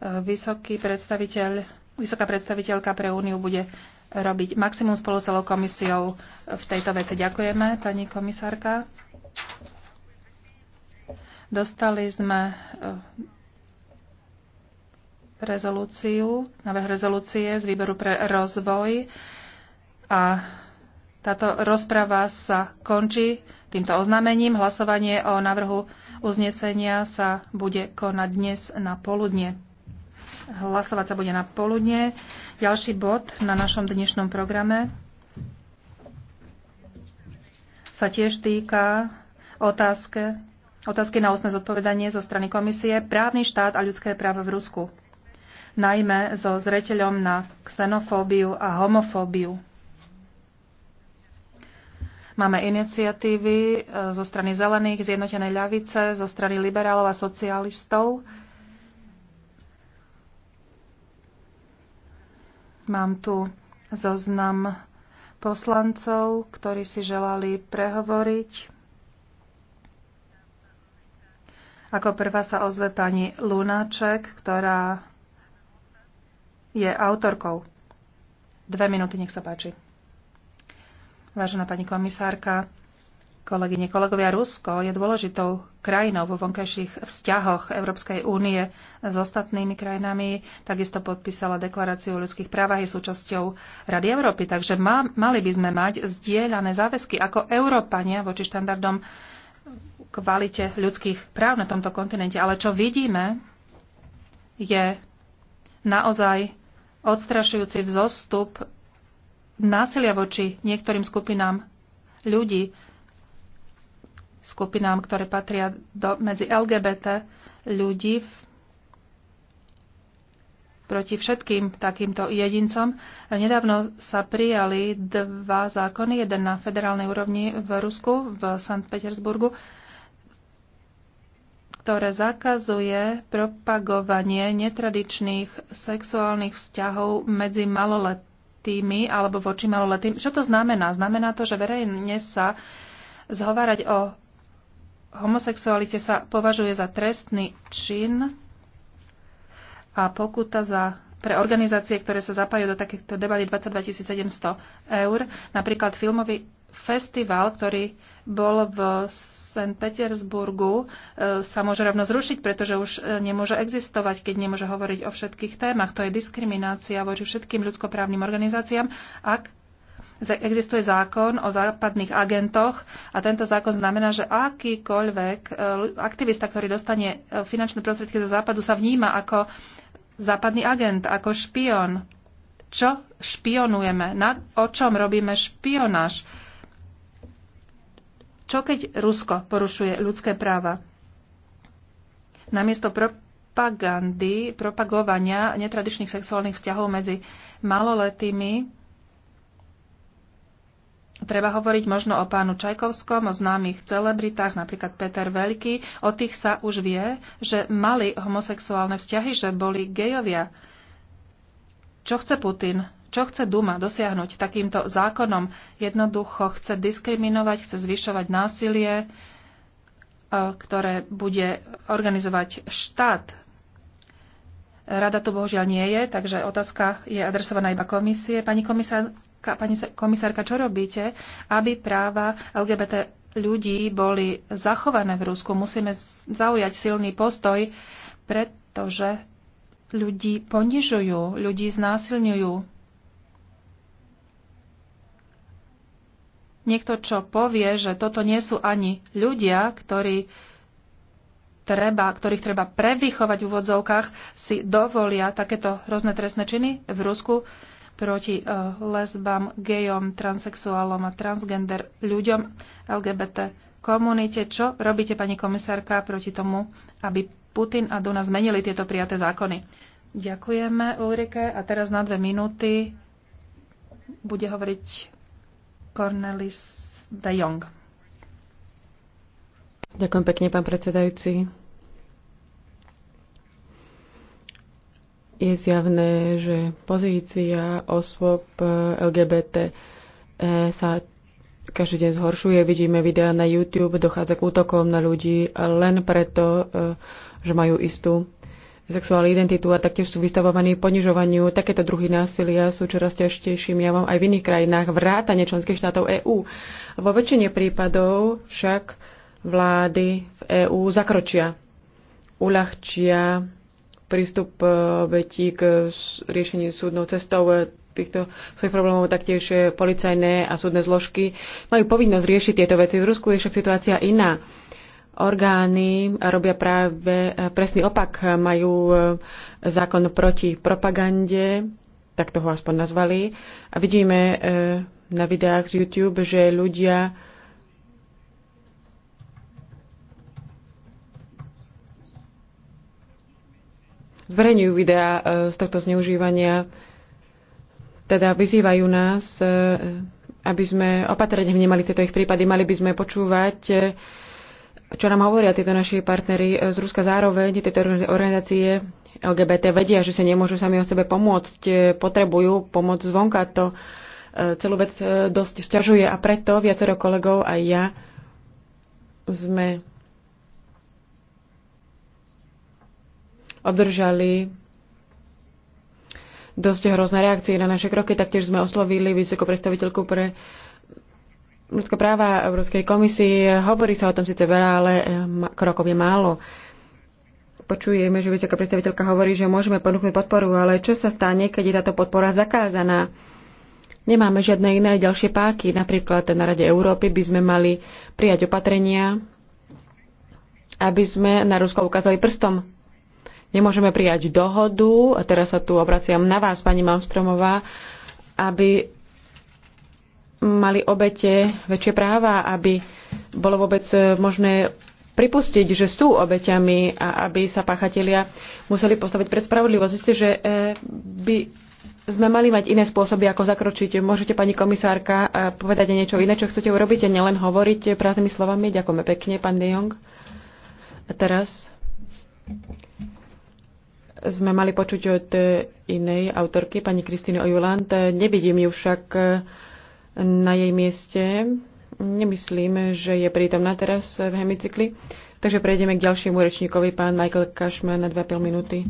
Vysoký predstaviteľ, vysoká predstaviteľka pre úniu bude robiť maximum spolu celou komisiou v tejto veci. Ďakujeme, pani komisárka. Dostali sme eh, rezolúciu, návrh rezolúcie z výboru pre rozvoj a táto rozprava sa končí týmto oznámením. Hlasovanie o návrhu uznesenia sa bude konať dnes na poludne. Hlasovať sa bude na poludne. Ďalší bod na našom dnešnom programe sa tiež týka otázke, otázky na osné zodpovedanie zo strany komisie Právny štát a ľudské práva v Rusku. Najmä so zreteľom na xenofóbiu a homofóbiu. Máme iniciatívy eh, zo strany zelených, zjednotenej ľavice, zo strany liberálov a socialistov. Mám tu zoznam poslancov, ktorí si želali prehovoriť. Ako prvá sa ozve pani Lunáček, ktorá je autorkou. Dve minúty, nech sa páči. Vážená pani komisárka, Kolegyne, kolegovia, Rusko je dôležitou krajinou vo vonkajších vzťahoch Európskej únie s ostatnými krajinami. Takisto podpísala deklaráciu o ľudských právach je súčasťou Rady Európy. Takže ma, mali by sme mať zdieľané záväzky ako Európania voči štandardom kvalite ľudských práv na tomto kontinente. Ale čo vidíme, je naozaj odstrašujúci vzostup násilia voči niektorým skupinám ľudí skupinám, ktoré patria do, medzi LGBT ľudí proti všetkým takýmto jedincom. Nedávno sa prijali dva zákony, jeden na federálnej úrovni v Rusku, v Sankt Petersburgu, ktoré zakazuje propagovanie netradičných sexuálnych vzťahov medzi maloletými alebo voči maloletým. Čo to znamená? Znamená to, že verejne sa zhovárať o homosexualite sa považuje za trestný čin a pokuta za pre organizácie, ktoré sa zapájajú do takýchto debaty 22 700 eur. Napríklad filmový festival, ktorý bol v St. Petersburgu, e, sa môže rovno zrušiť, pretože už e, nemôže existovať, keď nemôže hovoriť o všetkých témach. To je diskriminácia voči všetkým ľudskoprávnym organizáciám, ak existuje zákon o západných agentoch a tento zákon znamená, že akýkoľvek e, aktivista, ktorý dostane e, finančné prostriedky zo západu, sa vníma ako západný agent, ako špion. Čo špionujeme? Na, o čom robíme špionáž? Čo keď Rusko porušuje ľudské práva? Namiesto propagandy, propagovania netradičných sexuálnych vzťahov medzi maloletými Treba hovoriť možno o pánu Čajkovskom, o známych celebritách, napríklad Peter Veľký. O tých sa už vie, že mali homosexuálne vzťahy, že boli gejovia. Čo chce Putin? Čo chce Duma dosiahnuť takýmto zákonom? Jednoducho chce diskriminovať, chce zvyšovať násilie, e, ktoré bude organizovať štát. Rada tu bohužiaľ nie je, takže otázka je adresovaná iba komisie. Pani komisár, pani komisárka, čo robíte, aby práva LGBT ľudí boli zachované v Rusku? Musíme zaujať silný postoj, pretože ľudí ponižujú, ľudí znásilňujú. niekto, čo povie, že toto nie sú ani ľudia, ktorí treba, ktorých treba prevychovať v úvodzovkách, si dovolia takéto rôzne trestné činy v Rusku, proti e, lesbám, gejom, transexuálom a transgender ľuďom LGBT komunite. Čo robíte, pani komisárka, proti tomu, aby Putin a Duna zmenili tieto prijaté zákony? Ďakujeme Ulrike a teraz na dve minúty bude hovoriť Cornelis de Jong. Ďakujem pekne, pán predsedajúci. je zjavné, že pozícia osôb eh, LGBT eh, sa každý deň zhoršuje. Vidíme videá na YouTube, dochádza k útokom na ľudí len preto, eh, že majú istú sexuálnu identitu a taktiež sú vystavovaní ponižovaniu. Takéto druhy násilia sú čoraz ťažším javom aj v iných krajinách, vrátane členských štátov EÚ. Vo väčšine prípadov však vlády v EÚ zakročia, uľahčia prístup e, obetí k riešeniu súdnou cestou e, týchto svojich problémov, taktiež e, policajné a súdne zložky majú povinnosť riešiť tieto veci. V Rusku je však situácia iná. Orgány robia práve presný opak, majú zákon proti propagande, tak toho aspoň nazvali. A vidíme na videách z YouTube, že ľudia zverejňujú videá e, z tohto zneužívania. Teda vyzývajú nás, e, aby sme opatrne vnímali tieto ich prípady, mali by sme počúvať, e, čo nám hovoria títo naši partnery z Ruska zároveň, tieto organizácie LGBT vedia, že sa nemôžu sami o sebe pomôcť, potrebujú pomoc zvonka. To celú vec dosť sťažuje a preto viacero kolegov aj ja sme obdržali dosť hrozné reakcie na naše kroky. Taktiež sme oslovili vysokú predstaviteľku pre ľudské práva Európskej komisii. Hovorí sa o tom síce veľa, ale eh, krokov je málo. Počujeme, že vysoká predstaviteľka hovorí, že môžeme ponúknuť podporu, ale čo sa stane, keď je táto podpora zakázaná? Nemáme žiadne iné ďalšie páky. Napríklad na Rade Európy by sme mali prijať opatrenia, aby sme na Rusko ukázali prstom Nemôžeme prijať dohodu, a teraz sa tu obraciam na vás, pani Malmstromová, aby mali obete väčšie práva, aby bolo vôbec možné pripustiť, že sú obeťami a aby sa páchatelia museli postaviť pred spravodlivosť. Zistite, že e, by sme mali mať iné spôsoby, ako zakročiť. Môžete, pani komisárka, e, povedať niečo iné, čo chcete urobiť, a nielen hovoriť prázdnymi slovami. Ďakujeme pekne, pán De Jong. A teraz sme mali počuť od inej autorky, pani Kristýny Ojuland. Nevidím ju však e, na jej mieste. Nemyslím, že je prítomná teraz v hemicykli. Takže prejdeme k ďalšiemu rečníkovi, pán Michael Cashman na 2,5 minúty.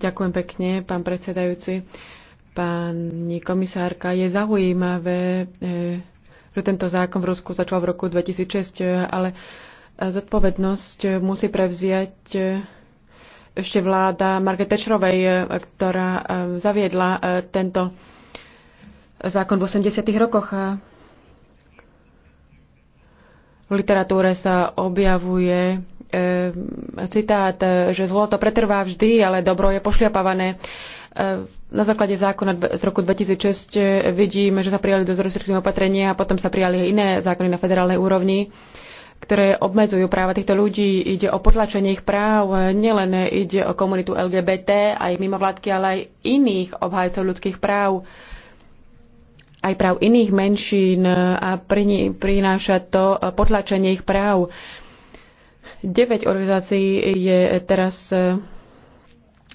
Ďakujem pekne, pán predsedajúci. Pani komisárka, je zaujímavé, e, že tento zákon v Rusku začal v roku 2006, ale Zodpovednosť musí prevziať ešte vláda Margaret Thatcherovej, ktorá eh, zaviedla eh, tento zákon v 80. rokoch. V literatúre sa objavuje eh, citát, že zlo to pretrvá vždy, ale dobro je pošliapavané. Na základe zákona z roku 2006 vidíme, že sa prijali dosť restriktívne opatrenia a potom sa prijali iné zákony na federálnej úrovni ktoré obmedzujú práva týchto ľudí. Ide o potlačenie ich práv, nielen ide o komunitu LGBT, aj mimovládky, ale aj iných obhajcov ľudských práv, aj práv iných menšín a prináša to potlačenie ich práv. 9 organizácií je teraz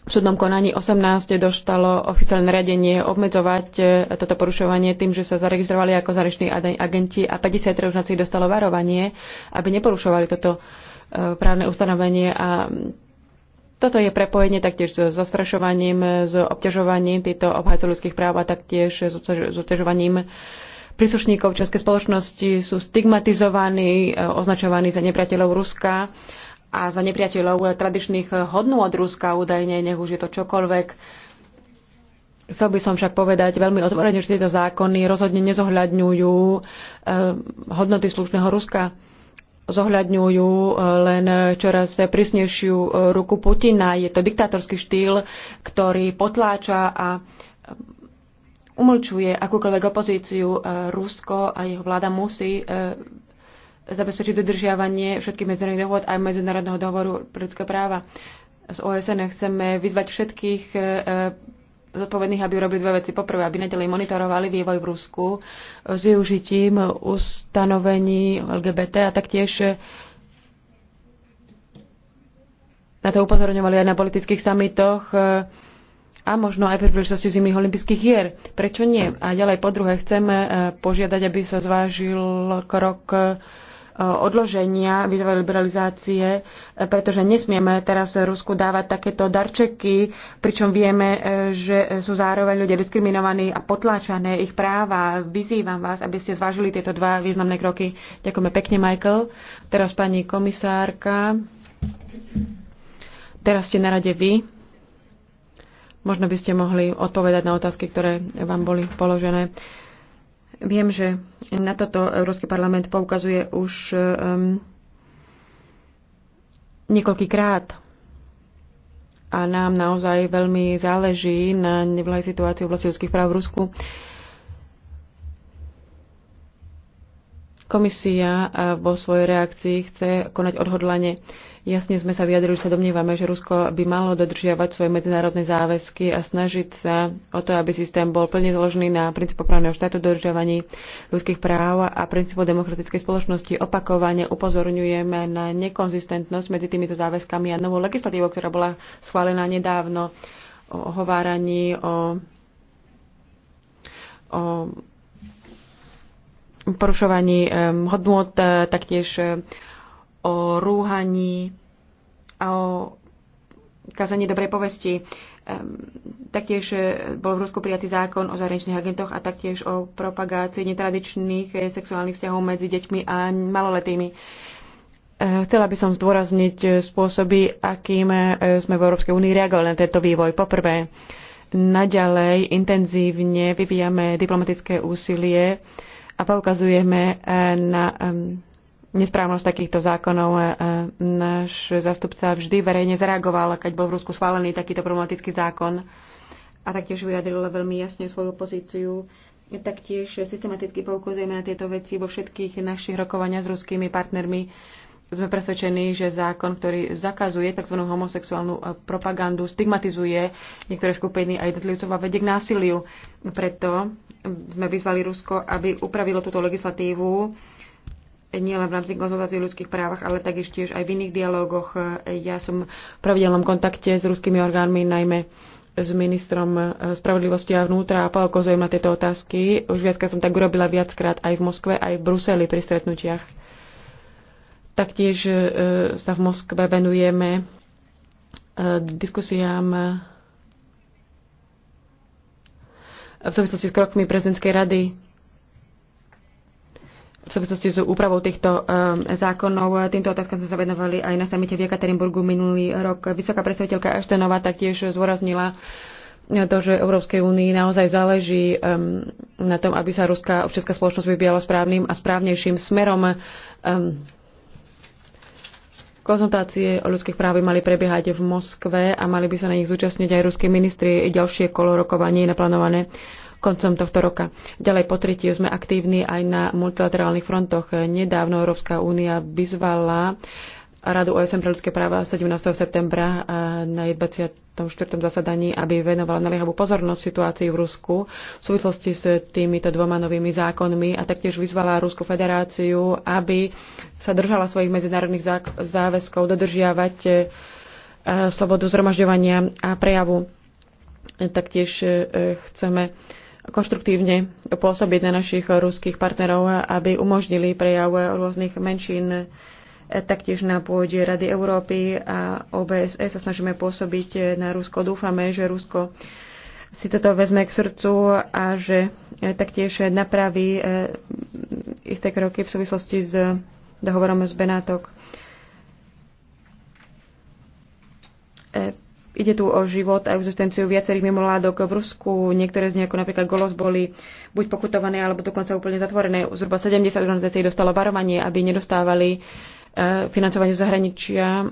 v súdnom konaní 18 doštalo oficiálne radenie obmedzovať e, toto porušovanie tým, že sa zaregistrovali ako zahraniční agenti a 53 už dostalo varovanie, aby neporušovali toto e, právne ustanovenie a toto je prepojenie taktiež s zastrašovaním, s obťažovaním týchto obhajcov ľudských práv a taktiež s obťažovaním príslušníkov českej spoločnosti sú stigmatizovaní, e, označovaní za nepriateľov Ruska a za nepriateľov tradičných hodnú od Ruska údajne, nech už je to čokoľvek. Chcel by som však povedať veľmi otvorene, že tieto zákony rozhodne nezohľadňujú eh, hodnoty slušného Ruska. Zohľadňujú eh, len čoraz prísnejšiu eh, ruku Putina. Je to diktátorský štýl, ktorý potláča a umlčuje akúkoľvek opozíciu. Rusko a jeho vláda musí zabezpečiť dodržiavanie všetkých medzinárodných dohod aj Medzinárodného dohovoru pre ľudské práva z OSN. Chceme vyzvať všetkých e, zodpovedných, aby robili dve veci. Poprvé, aby nadalej monitorovali vývoj v Rusku s využitím ustanovení LGBT a taktiež na to upozorňovali aj na politických samitoch e, a možno aj pri príležitosti zimných olympijských hier. Prečo nie? A ďalej po druhé chceme e, požiadať, aby sa zvážil krok odloženia vízovej liberalizácie, e, pretože nesmieme teraz Rusku dávať takéto darčeky, pričom vieme, e, že sú zároveň ľudia diskriminovaní a potláčané ich práva. Vyzývam vás, aby ste zvážili tieto dva významné kroky. Ďakujeme pekne, Michael. Teraz pani komisárka. Teraz ste na rade vy. Možno by ste mohli odpovedať na otázky, ktoré vám boli položené. Viem, že na toto Európsky parlament poukazuje už um, niekoľkýkrát a nám naozaj veľmi záleží na nevlahej situácii v oblasti ľudských práv v Rusku. Komisia uh, vo svojej reakcii chce konať odhodlanie. Jasne sme sa vyjadrili, sa domnievame, že Rusko by malo dodržiavať svoje medzinárodné záväzky a snažiť sa o to, aby systém bol plne zložený na princípu právneho štátu, dodržiavaní ľudských práv a princípu demokratickej spoločnosti. Opakovane upozorňujeme na nekonzistentnosť medzi týmito záväzkami a novou legislatívou, ktorá bola schválená nedávno o hováraní, o, o porušovaní ehm, hodnot, e, taktiež e, o rúhaní a o kazaní dobrej povesti. Ehm, taktiež eh, bol v Rusku prijatý zákon o zahraničných agentoch a taktiež o propagácii netradičných eh, sexuálnych vzťahov medzi deťmi a maloletými. Eh, chcela by som zdôrazniť spôsoby, akým sme v Európskej únii reagovali na tento vývoj. Poprvé, naďalej intenzívne vyvíjame diplomatické úsilie a poukazujeme na ehm, nesprávnosť takýchto zákonov. E, e, náš zastupca vždy verejne zareagoval, keď bol v Rusku schválený takýto problematický zákon a taktiež vyjadril veľmi jasne svoju pozíciu. Taktiež systematicky poukazujeme na tieto veci vo všetkých našich rokovaniach s ruskými partnermi. Sme presvedčení, že zákon, ktorý zakazuje tzv. homosexuálnu e, propagandu, stigmatizuje niektoré skupiny a jednotlivcov a vedie k násiliu. Preto sme vyzvali Rusko, aby upravilo túto legislatívu nielen v rámci konzultácií o ľudských právach, ale takiž tiež aj v iných dialógoch. Ja som v pravidelnom kontakte s ruskými orgánmi, najmä s ministrom spravodlivosti a vnútra a poukazujem na tieto otázky. Už viackrát som tak urobila viackrát aj v Moskve, aj v Bruseli pri stretnutiach. Taktiež e, sa v Moskve venujeme e, diskusiám e, v súvislosti s krokmi prezidentskej rady v súvislosti s úpravou týchto um, zákonov. Týmto otázkam sme sa venovali aj na samite v Jekaterinburgu minulý rok. Vysoká predstaviteľka Ashtonová taktiež zdôraznila to, že Európskej únii naozaj záleží um, na tom, aby sa ruská občianská spoločnosť vybiala správnym a správnejším smerom. Um, konzultácie o ľudských právach mali prebiehať v Moskve a mali by sa na nich zúčastniť aj ruskí ministri. Ďalšie kolo rokovanie je naplánované koncom tohto roka. Ďalej po tretiu sme aktívni aj na multilaterálnych frontoch. Nedávno Európska únia vyzvala Radu OSN pre ľudské práva 17. septembra na 24. zasadaní, aby venovala naliehavú pozornosť situácii v Rusku v súvislosti s týmito dvoma novými zákonmi a taktiež vyzvala Rusku federáciu, aby sa držala svojich medzinárodných záväzkov dodržiavať e, slobodu zhromažďovania a prejavu. Taktiež e, chceme konštruktívne pôsobiť na našich ruských partnerov, aby umožnili prejav rôznych menšín e, taktiež na pôde Rady Európy a OBSE sa snažíme pôsobiť na Rusko. Dúfame, že Rusko si toto vezme k srdcu a že e, taktiež napraví e, isté kroky v súvislosti s dohovorom z Benátok Ide tu o život a existenciu viacerých mimoládok v Rusku. Niektoré z nich, ako napríklad Golos, boli buď pokutované, alebo dokonca úplne zatvorené. Zhruba 70 organizácií dostalo varovanie, aby nedostávali e, financovanie z zahraničia,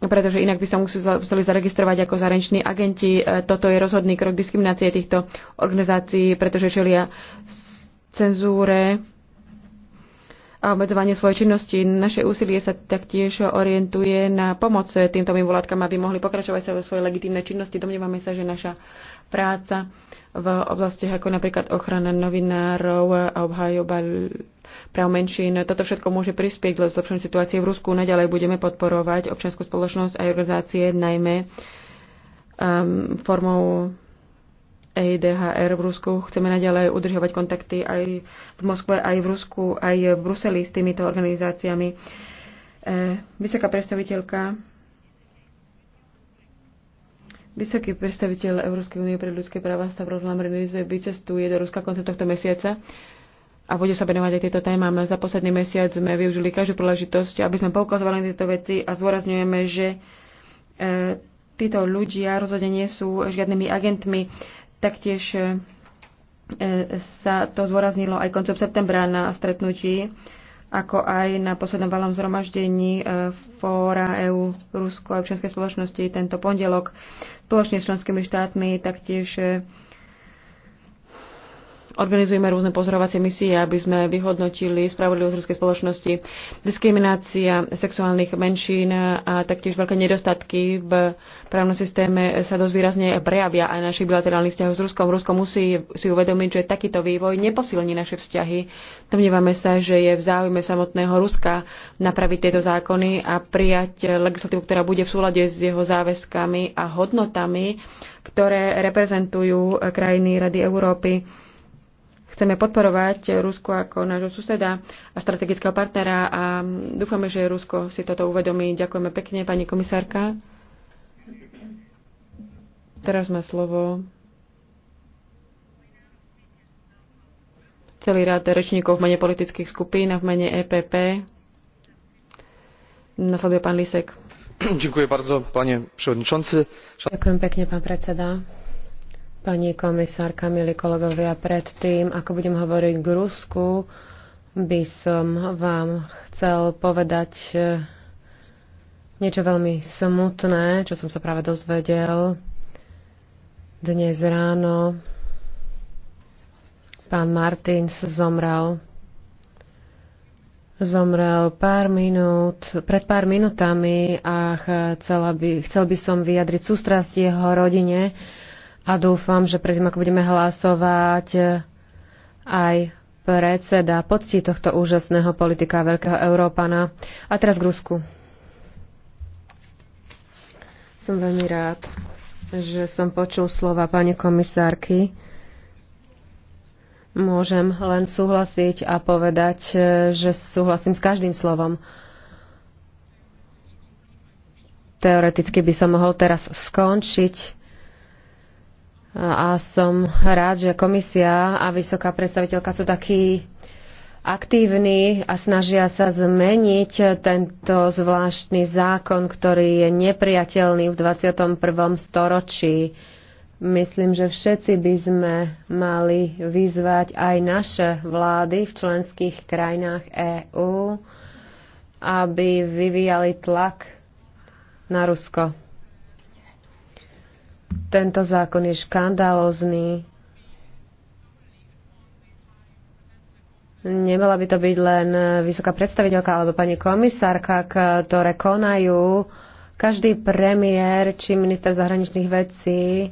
pretože inak by sa museli zaregistrovať ako zahraniční agenti. E, toto je rozhodný krok diskriminácie týchto organizácií, pretože čelia cenzúre a obmedzovanie svojej činnosti. Naše úsilie sa taktiež orientuje na pomoc týmto mimovládkam, aby mohli pokračovať sa vo svojej legitímnej činnosti. Domnievame sa, že naša práca v oblastiach ako napríklad ochrana novinárov a obhajoba práv menšín. Toto všetko môže prispieť do zlepšenia situácie v Rusku. Naďalej budeme podporovať občianskú spoločnosť a organizácie, najmä um, formou EIDHR v Rusku. Chceme naďalej udržovať kontakty aj v Moskve, aj v Rusku, aj v Bruseli s týmito organizáciami. E, vysoká predstaviteľka Vysoký predstaviteľ Európskej únie pre ľudské práva Stavros Lambrinidis vycestuje do Ruska koncom tohto mesiaca a bude sa venovať aj tieto témam. Za posledný mesiac sme využili každú príležitosť, aby sme poukazovali na tieto veci a zdôrazňujeme, že e, títo ľudia rozhodne nie sú žiadnymi agentmi Taktiež e, sa to zvoraznilo aj koncom septembra na stretnutí, ako aj na poslednom valom zhromaždení e, Fóra EU, Rusko a občianskej spoločnosti tento pondelok spoločne s členskými štátmi taktiež e, Organizujeme rôzne pozorovacie misie, aby sme vyhodnotili spravodlivosť ruskej spoločnosti, diskriminácia sexuálnych menšín a taktiež veľké nedostatky v právnom systéme sa dosť výrazne prejavia aj našich bilaterálnych vzťahov s Ruskom. Rusko musí si uvedomiť, že takýto vývoj neposilní naše vzťahy. Domnievame sa, že je v záujme samotného Ruska napraviť tieto zákony a prijať legislatívu, ktorá bude v súlade s jeho záväzkami a hodnotami, ktoré reprezentujú krajiny Rady Európy. Chceme podporovať Rusko ako nášho suseda a strategického partnera a dúfame, že Rusko si toto uvedomí. Ďakujeme pekne, pani komisárka. Teraz má slovo celý rád rečníkov v mene politických skupín a v mene EPP. Nasleduje pán Lisek. Ďakujem bardzo, panie przewodniczący. Ďakujem pekne, pán predseda. Pani komisárka, milí kolegovia, predtým, ako budem hovoriť k Rusku, by som vám chcel povedať eh, niečo veľmi smutné, čo som sa práve dozvedel dnes ráno. Pán Martins zomrel. Zomrel pár minút, pred pár minutami a chcela by, chcel by som vyjadriť sústrasť jeho rodine, a dúfam, že predtým, ako budeme hlasovať, aj predseda poctí tohto úžasného politika veľkého Európana. A teraz k Rusku. Som veľmi rád, že som počul slova pani komisárky. Môžem len súhlasiť a povedať, že súhlasím s každým slovom. Teoreticky by som mohol teraz skončiť a som rád, že komisia a vysoká predstaviteľka sú takí aktívni a snažia sa zmeniť tento zvláštny zákon, ktorý je nepriateľný v 21. storočí. Myslím, že všetci by sme mali vyzvať aj naše vlády v členských krajinách EÚ, aby vyvíjali tlak na Rusko. Tento zákon je škandálozný. Nemala by to byť len vysoká predstaviteľka alebo pani komisárka, ktoré konajú. Každý premiér či minister zahraničných vecí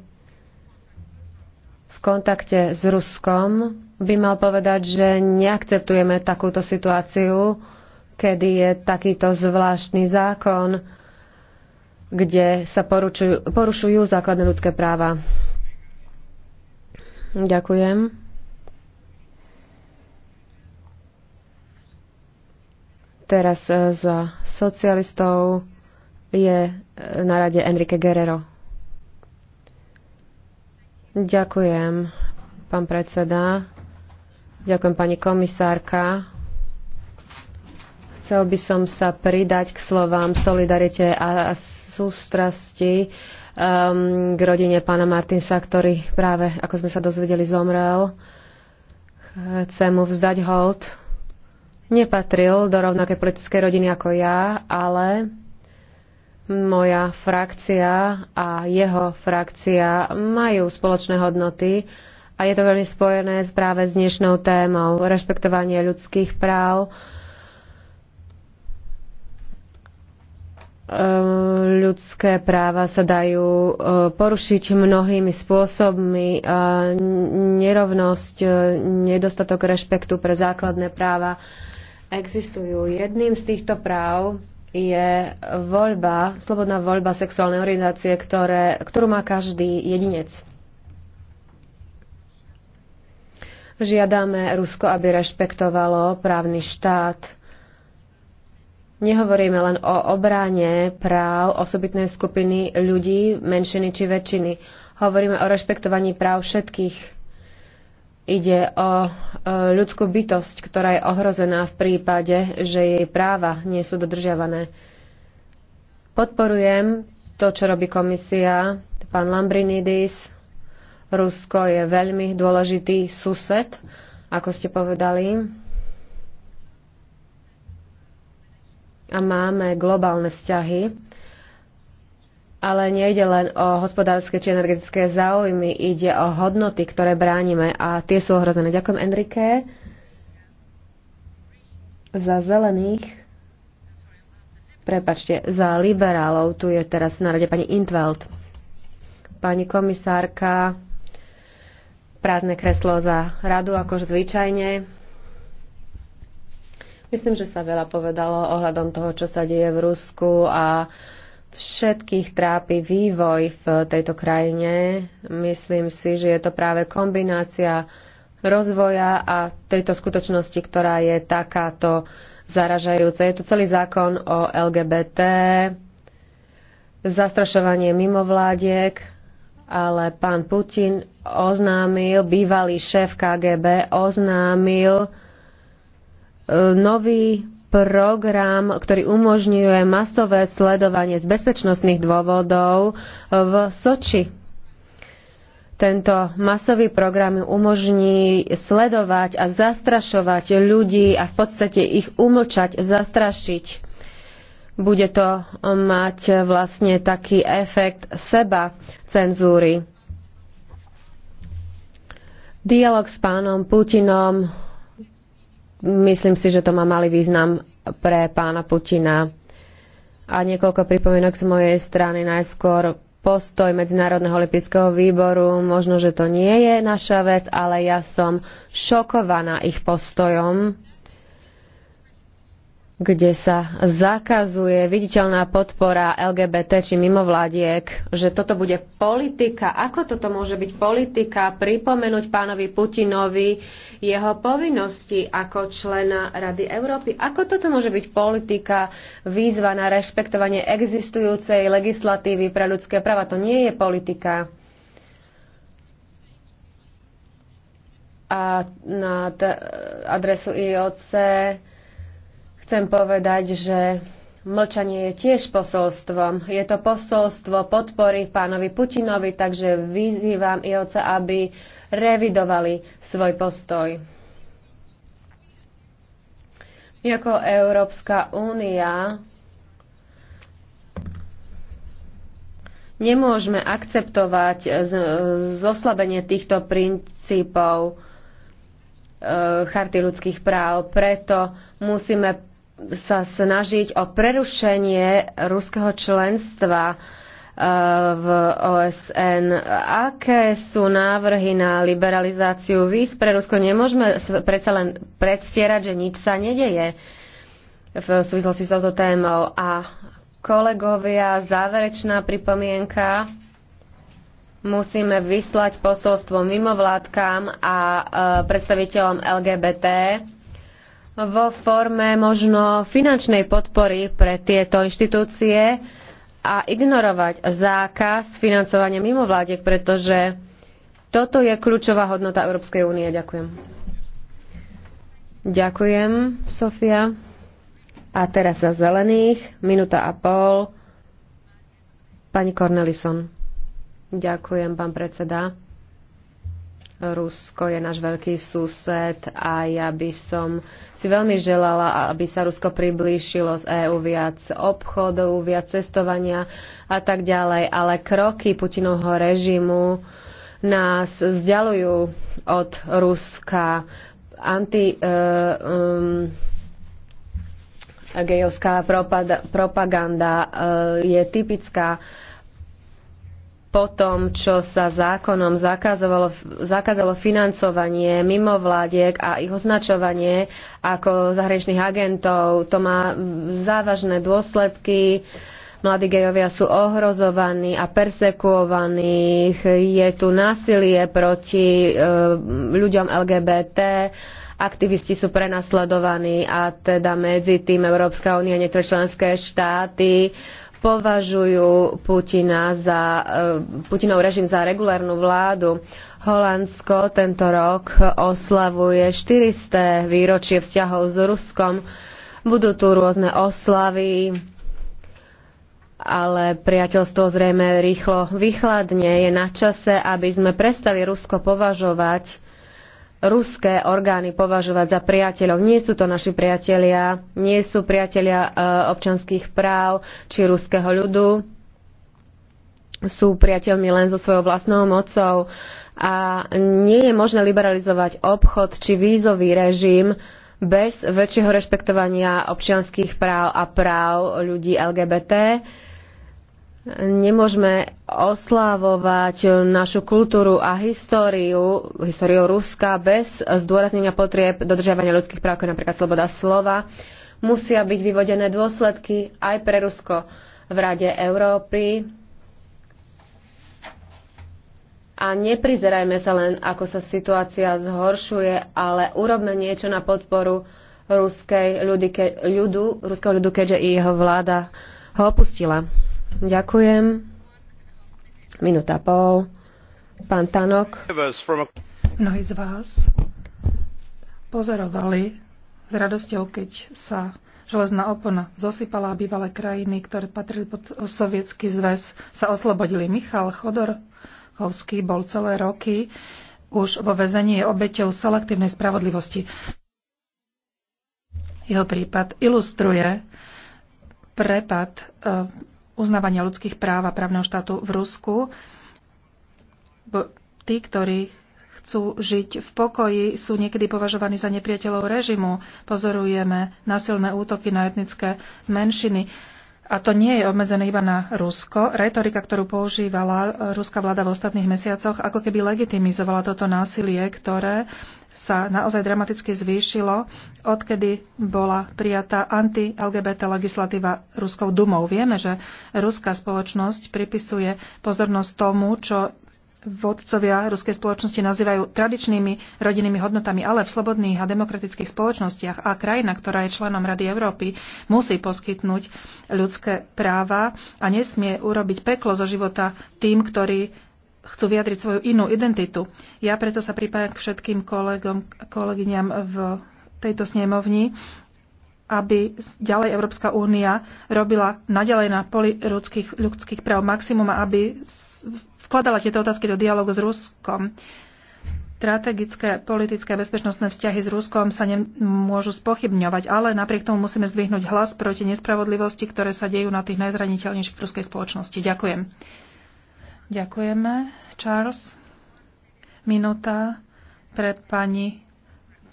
v kontakte s Ruskom by mal povedať, že neakceptujeme takúto situáciu, kedy je takýto zvláštny zákon kde sa poručujú, porušujú základné ľudské práva. Ďakujem. Teraz e, za socialistov je e, na rade Enrique Guerrero. Ďakujem, pán predseda. Ďakujem, pani komisárka. Chcel by som sa pridať k slovám solidarite a sústrasti um, k rodine pána Martinsa, ktorý práve, ako sme sa dozvedeli, zomrel. Chcem mu vzdať hold. Nepatril do rovnakej politické rodiny ako ja, ale moja frakcia a jeho frakcia majú spoločné hodnoty a je to veľmi spojené práve s dnešnou témou rešpektovanie ľudských práv, Ehm, ľudské práva sa dajú eh, porušiť mnohými spôsobmi. Eh, nerovnosť, eh, nedostatok rešpektu pre základné práva existujú. Jedným z týchto práv je voľba, slobodná voľba sexuálnej orientácie, ktoré, ktorú má každý jedinec. Žiadame Rusko, aby rešpektovalo právny štát Nehovoríme len o obráne práv osobitnej skupiny ľudí, menšiny či väčšiny. Hovoríme o rešpektovaní práv všetkých. Ide o e, ľudskú bytosť, ktorá je ohrozená v prípade, že jej práva nie sú dodržiavané. Podporujem to, čo robí komisia, pán Lambrinidis. Rusko je veľmi dôležitý sused, ako ste povedali. a máme globálne vzťahy, ale nejde len o hospodárske či energetické záujmy, ide o hodnoty, ktoré bránime a tie sú ohrozené. Ďakujem Enrique za zelených. Prepačte, za liberálov. Tu je teraz na rade pani Intveld. Pani komisárka, prázdne kreslo za radu, ako zvyčajne. Myslím, že sa veľa povedalo ohľadom toho, čo sa deje v Rusku a všetkých trápi vývoj v tejto krajine. Myslím si, že je to práve kombinácia rozvoja a tejto skutočnosti, ktorá je takáto zaražajúca. Je to celý zákon o LGBT, zastrašovanie mimovládiek, ale pán Putin oznámil, bývalý šéf KGB oznámil, nový program, ktorý umožňuje masové sledovanie z bezpečnostných dôvodov v Soči. Tento masový program umožní sledovať a zastrašovať ľudí a v podstate ich umlčať, zastrašiť. Bude to mať vlastne taký efekt seba cenzúry. Dialóg s pánom Putinom Myslím si, že to má malý význam pre pána Putina. A niekoľko pripomienok z mojej strany. Najskôr postoj Medzinárodného olympijského výboru. Možno, že to nie je naša vec, ale ja som šokovaná ich postojom kde sa zakazuje viditeľná podpora LGBT či mimovládiek, že toto bude politika. Ako toto môže byť politika? Pripomenúť pánovi Putinovi jeho povinnosti ako člena Rady Európy. Ako toto môže byť politika? Výzva na rešpektovanie existujúcej legislatívy pre ľudské práva. To nie je politika. A na adresu IOC Chcem povedať, že mlčanie je tiež posolstvom. Je to posolstvo podpory pánovi Putinovi, takže vyzývam i oca, aby revidovali svoj postoj. My ako Európska únia nemôžeme akceptovať zoslabenie týchto princípov e, charty ľudských práv. Preto musíme sa snažiť o prerušenie ruského členstva e, v OSN. Aké sú návrhy na liberalizáciu víz pre Rusko? Nemôžeme predsa len predstierať, že nič sa nedeje v súvislosti s touto témou. A kolegovia, záverečná pripomienka. Musíme vyslať posolstvo mimovládkam a e, predstaviteľom LGBT vo forme možno finančnej podpory pre tieto inštitúcie a ignorovať zákaz financovania mimovládiek, pretože toto je kľúčová hodnota Európskej únie. Ďakujem. Ďakujem, Sofia. A teraz za zelených, minúta a pol. Pani Cornelison. Ďakujem, pán predseda. Rusko je náš veľký sused a ja by som si veľmi želala, aby sa Rusko priblížilo z EÚ viac obchodov, viac cestovania a tak ďalej, ale kroky Putinovho režimu nás vzdialujú od Ruska. Anti, uh, eh, um, gejovská propaganda, uh, je typická po tom, čo sa zákonom zakázalo, zakázalo financovanie mimovládiek a ich označovanie ako zahraničných agentov. To má závažné dôsledky. Mladí gejovia sú ohrozovaní a persekuovaní. Je tu násilie proti e, ľuďom LGBT aktivisti sú prenasledovaní a teda medzi tým Európska únia, niektoré členské štáty považujú Putina za, e, Putinov režim za regulárnu vládu. Holandsko tento rok oslavuje 400. výročie vzťahov s Ruskom. Budú tu rôzne oslavy, ale priateľstvo zrejme rýchlo vychladne. Je na čase, aby sme prestali Rusko považovať ruské orgány považovať za priateľov. Nie sú to naši priatelia, nie sú priatelia e, občanských práv či ruského ľudu. Sú priateľmi len so svojou vlastnou mocou a nie je možné liberalizovať obchod či vízový režim bez väčšieho rešpektovania občianských práv a práv ľudí LGBT nemôžeme oslávovať našu kultúru a históriu, históriu Ruska bez zdôraznenia potrieb dodržiavania ľudských práv, ako napríklad sloboda slova. Musia byť vyvodené dôsledky aj pre Rusko v Rade Európy. A neprizerajme sa len, ako sa situácia zhoršuje, ale urobme niečo na podporu ruskej ľudy, ľudu, ruského ľudu, keďže jeho vláda ho opustila. Ďakujem. Minúta pol. Pán Tanok. Mnohí z vás pozorovali s radosťou, keď sa železná opona zosypala a bývalé krajiny, ktoré patrili pod sovietský zväz, sa oslobodili. Michal Chodorkovský bol celé roky už vo väzení je obeťou selektívnej spravodlivosti. Jeho prípad ilustruje prepad e, uznávania ľudských práv a právneho štátu v Rusku. Tí, ktorí chcú žiť v pokoji, sú niekedy považovaní za nepriateľov režimu. Pozorujeme násilné útoky na etnické menšiny. A to nie je obmedzené iba na Rusko. Retorika, ktorú používala ruská vláda v ostatných mesiacoch, ako keby legitimizovala toto násilie, ktoré sa naozaj dramaticky zvýšilo, odkedy bola prijatá anti-LGBT legislatíva Ruskou dumou. Vieme, že ruská spoločnosť pripisuje pozornosť tomu, čo vodcovia ruskej spoločnosti nazývajú tradičnými rodinnými hodnotami, ale v slobodných a demokratických spoločnostiach a krajina, ktorá je členom Rady Európy, musí poskytnúť ľudské práva a nesmie urobiť peklo zo života tým, ktorí chcú vyjadriť svoju inú identitu. Ja preto sa pripájam k všetkým kolegom, kolegyňam v tejto snemovni, aby ďalej Európska únia robila nadalej na poli ľudských, ľudských práv maximum, aby vkladala tieto otázky do dialogu s Ruskom. Strategické, politické a bezpečnostné vzťahy s Ruskom sa nemôžu spochybňovať, ale napriek tomu musíme zdvihnúť hlas proti nespravodlivosti, ktoré sa dejú na tých najzraniteľnejších v ruskej spoločnosti. Ďakujem. Ďakujeme. Charles, minúta pre pani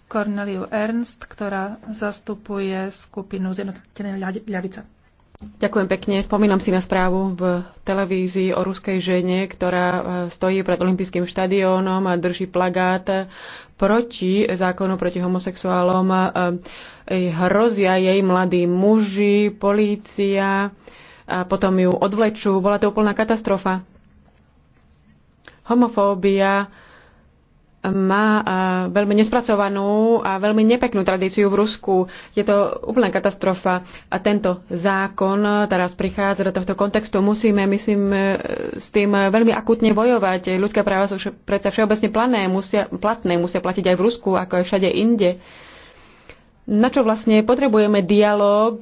Corneliu Ernst, ktorá zastupuje skupinu ľa- ľavica. Ďakujem pekne. Spomínam si na správu v televízii o ruskej žene, ktorá e, stojí pred olympijským štadiónom a drží plagát proti zákonu proti homosexuálom. E, e, hrozia jej mladí muži, polícia a potom ju odvlečú. Bola to úplná katastrofa. Homofóbia má e, veľmi nespracovanú a veľmi nepeknú tradíciu v Rusku. Je to úplná katastrofa a tento zákon teraz prichádza do tohto kontextu. Musíme, myslím, e, s tým veľmi akutne bojovať. Ľudské práva sú predsa všeobecne plané, musia, platné, musia platiť aj v Rusku, ako aj všade inde. Na čo vlastne potrebujeme dialog,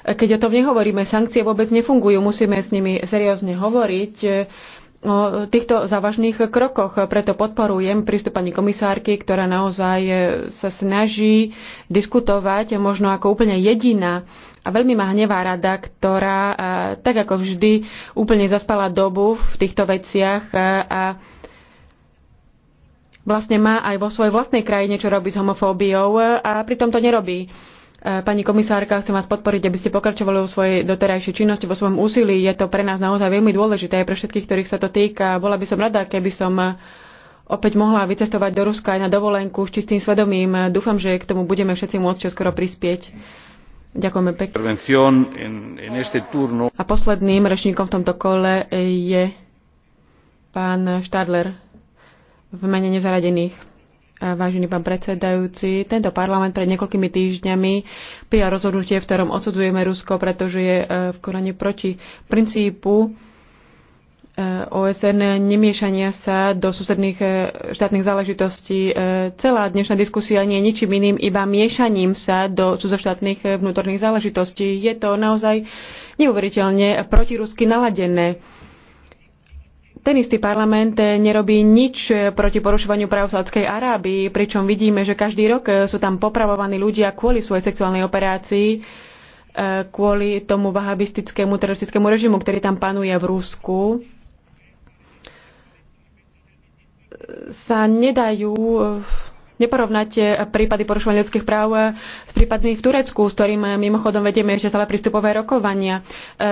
keď o tom nehovoríme? Sankcie vôbec nefungujú, musíme s nimi seriózne hovoriť o týchto závažných krokoch. Preto podporujem prístup pani komisárky, ktorá naozaj sa snaží diskutovať možno ako úplne jediná. A veľmi ma hnevá rada, ktorá tak ako vždy úplne zaspala dobu v týchto veciach a vlastne má aj vo svojej vlastnej krajine čo robiť s homofóbiou a pritom to nerobí. E, pani komisárka, chcem vás podporiť, aby ste pokračovali vo svojej doterajšej činnosti, vo svojom úsilí. Je to pre nás naozaj veľmi dôležité, aj pre všetkých, ktorých sa to týka. Bola by som rada, keby som e, opäť mohla vycestovať do Ruska aj na dovolenku s čistým svedomím. E, dúfam, že k tomu budeme všetci môcť skoro prispieť. Ďakujeme pekne. A posledným rečníkom v tomto kole je pán Štadler v mene nezaradených. Vážený pán predsedajúci, tento parlament pred niekoľkými týždňami prijal rozhodnutie, v ktorom odsudzujeme Rusko, pretože je e, v Korane proti princípu e, OSN nemiešania sa do susedných e, štátnych záležitostí. Celá dnešná diskusia nie je ničím iným, iba miešaním sa do cudzoštátnych vnútorných záležitostí. Je to naozaj neuveriteľne protirusky naladené ten istý parlament eh, nerobí nič eh, proti porušovaniu práv Sádskej Arábii, pričom vidíme, že každý rok eh, sú tam popravovaní ľudia kvôli svojej sexuálnej operácii, kvôli tomu vahabistickému teroristickému režimu, ktorý tam panuje v Rusku sa nedajú neporovnáte eh, prípady porušovania ľudských práv eh, s prípadmi v Turecku, s ktorým eh, mimochodom vedieme ešte stále prístupové rokovania.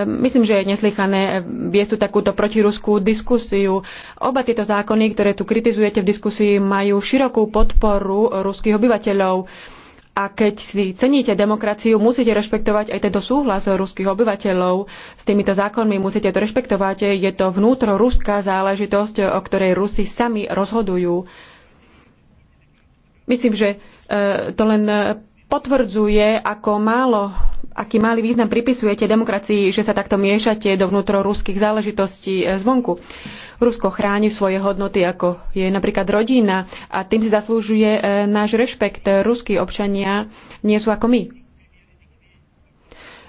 Myslím, že je neslychané viesť tu takúto protiruskú diskusiu. Oba tieto zákony, ktoré tu kritizujete v diskusii, majú širokú podporu ruských obyvateľov. A keď si ceníte demokraciu, musíte rešpektovať aj tento súhlas ruských obyvateľov. S týmito zákonmi musíte to rešpektovať. Je to vnútro ruská záležitosť, o ktorej Rusi sami rozhodujú. Myslím, že e, to len e, potvrdzuje, ako málo, aký malý význam pripisujete demokracii, že sa takto miešate do ruských záležitostí e, zvonku. Rusko chráni svoje hodnoty, ako je napríklad rodina a tým si zaslúžuje náš rešpekt. Ruskí občania nie sú ako my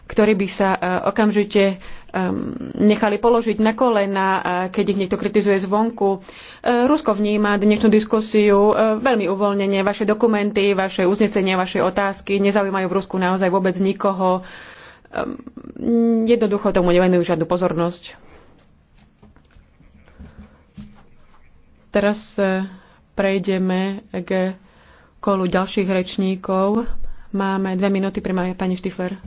ktorí by sa okamžite Um, nechali položiť na kolena, uh, keď ich niekto kritizuje zvonku. Uh, Rusko vníma dnešnú diskusiu uh, veľmi uvoľnenie. Vaše dokumenty, vaše uznesenia, vaše otázky nezaujímajú v Rusku naozaj vôbec nikoho. Um, jednoducho tomu nevenujú žiadnu pozornosť. Teraz prejdeme k kolu ďalších rečníkov. Máme dve minúty pani Štifler.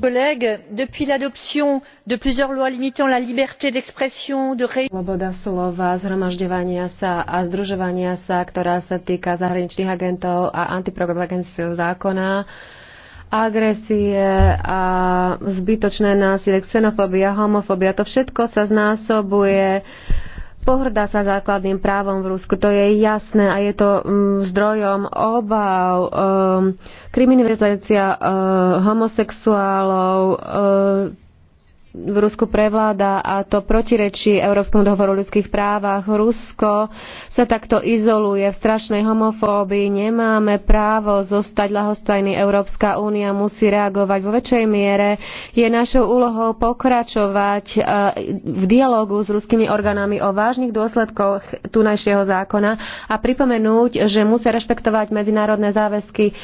Sloboda slova, zhromažďovania sa a združovania sa, ktorá sa týka zahraničných agentov a antipropagandického zákona, agresie a zbytočné násilie, xenofóbia, homofóbia, to všetko sa znásobuje pohrdá sa základným právom v Rusku. To je jasné a je to mm, zdrojom obav, ehm, kriminalizácia ehm, homosexuálov, ehm, v Rusku prevláda a to protirečí Európskemu dohovoru o ľudských právach. Rusko sa takto izoluje v strašnej homofóbii. Nemáme právo zostať ľahostajný. Európska únia musí reagovať vo väčšej miere. Je našou úlohou pokračovať e, v dialogu s ruskými orgánami o vážnych dôsledkoch tunajšieho zákona a pripomenúť, že musia rešpektovať medzinárodné záväzky.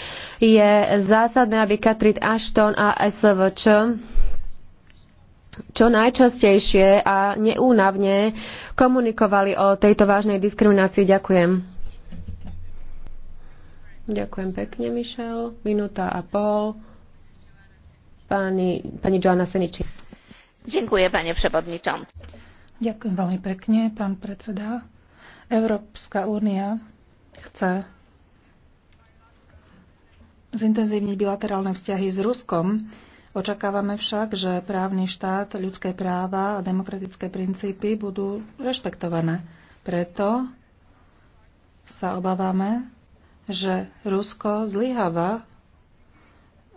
Je zásadné, aby Katrit Ashton a SVČ čo najčastejšie a neúnavne komunikovali o tejto vážnej diskriminácii. Ďakujem. Ďakujem pekne, Michel. Minúta a pol. Pani, pani Joana Seniči. Ďakujem, pani przewodniczący. Ďakujem veľmi pekne, pán predseda. Európska únia chce zintenzívniť bilaterálne vzťahy s Ruskom Očakávame však, že právny štát, ľudské práva a demokratické princípy budú rešpektované. Preto sa obávame, že Rusko zlyháva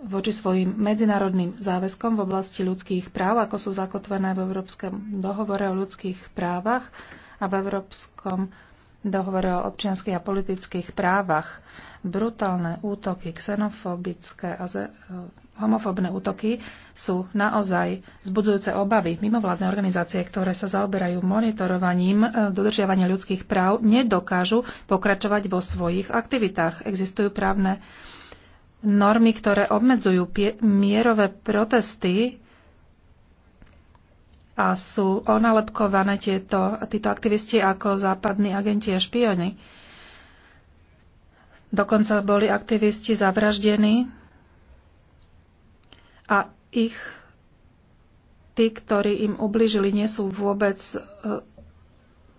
voči svojim medzinárodným záväzkom v oblasti ľudských práv, ako sú zakotvené v Európskom dohovore o ľudských právach a v Európskom dohovore o občianských a politických právach. Brutálne útoky, xenofobické a homofobné útoky sú naozaj zbudzujúce obavy. Mimovládne organizácie, ktoré sa zaoberajú monitorovaním e, dodržiavania ľudských práv, nedokážu pokračovať vo svojich aktivitách. Existujú právne normy, ktoré obmedzujú mierové protesty a sú onalepkované tieto, títo aktivisti ako západní agenti a špioni. Dokonca boli aktivisti zavraždení a ich tí, ktorí im ubližili, nie sú vôbec, e,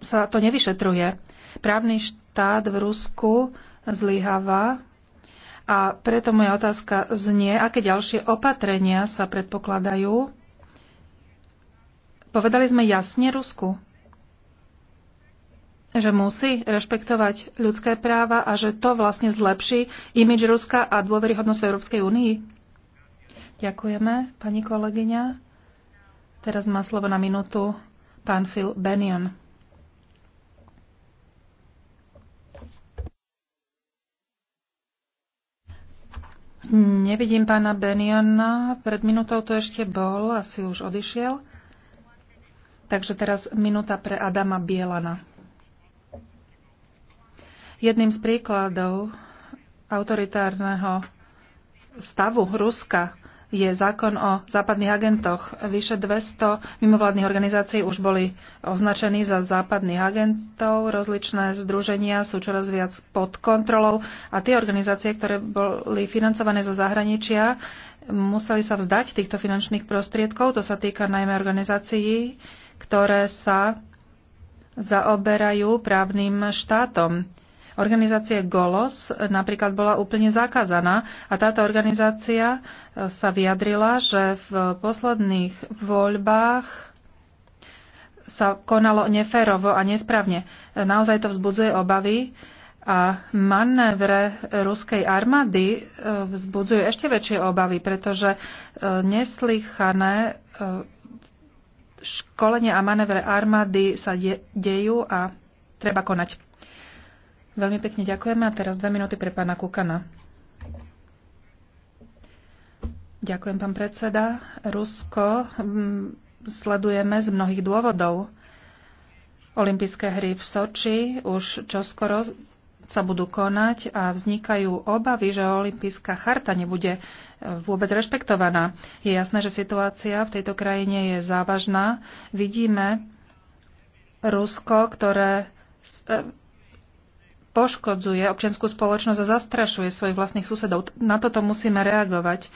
sa to nevyšetruje. Právny štát v Rusku zlyháva a preto moja otázka znie, aké ďalšie opatrenia sa predpokladajú. Povedali sme jasne Rusku, že musí rešpektovať ľudské práva a že to vlastne zlepší imidž Ruska a dôveryhodnosť v Európskej únii. Ďakujeme, pani kolegyňa. Teraz má slovo na minútu pán Phil Bennion. Nevidím pána Beniona. Pred minútou to ešte bol, asi už odišiel. Takže teraz minúta pre Adama Bielana. Jedným z príkladov autoritárneho stavu Ruska je zákon o západných agentoch. Vyše 200 mimovládnych organizácií už boli označení za západných agentov. Rozličné združenia sú čoraz viac pod kontrolou a tie organizácie, ktoré boli financované zo zahraničia, museli sa vzdať týchto finančných prostriedkov. To sa týka najmä organizácií, ktoré sa zaoberajú právnym štátom organizácie GOLOS napríklad bola úplne zakázaná a táto organizácia e, sa vyjadrila, že v posledných voľbách sa konalo neférovo a nesprávne. E, naozaj to vzbudzuje obavy a manévre ruskej armády e, vzbudzujú ešte väčšie obavy, pretože neslychané školenia a manévre armády sa de- dejú a treba konať. Veľmi pekne ďakujeme a teraz dve minúty pre pána Kukana. Ďakujem, pán predseda. Rusko mm, sledujeme z mnohých dôvodov. Olympijské hry v Soči už čoskoro sa budú konať a vznikajú obavy, že olympijská charta nebude e, vôbec rešpektovaná. Je jasné, že situácia v tejto krajine je závažná. Vidíme Rusko, ktoré e, poškodzuje občianskú spoločnosť a zastrašuje svojich vlastných susedov. Na toto musíme reagovať.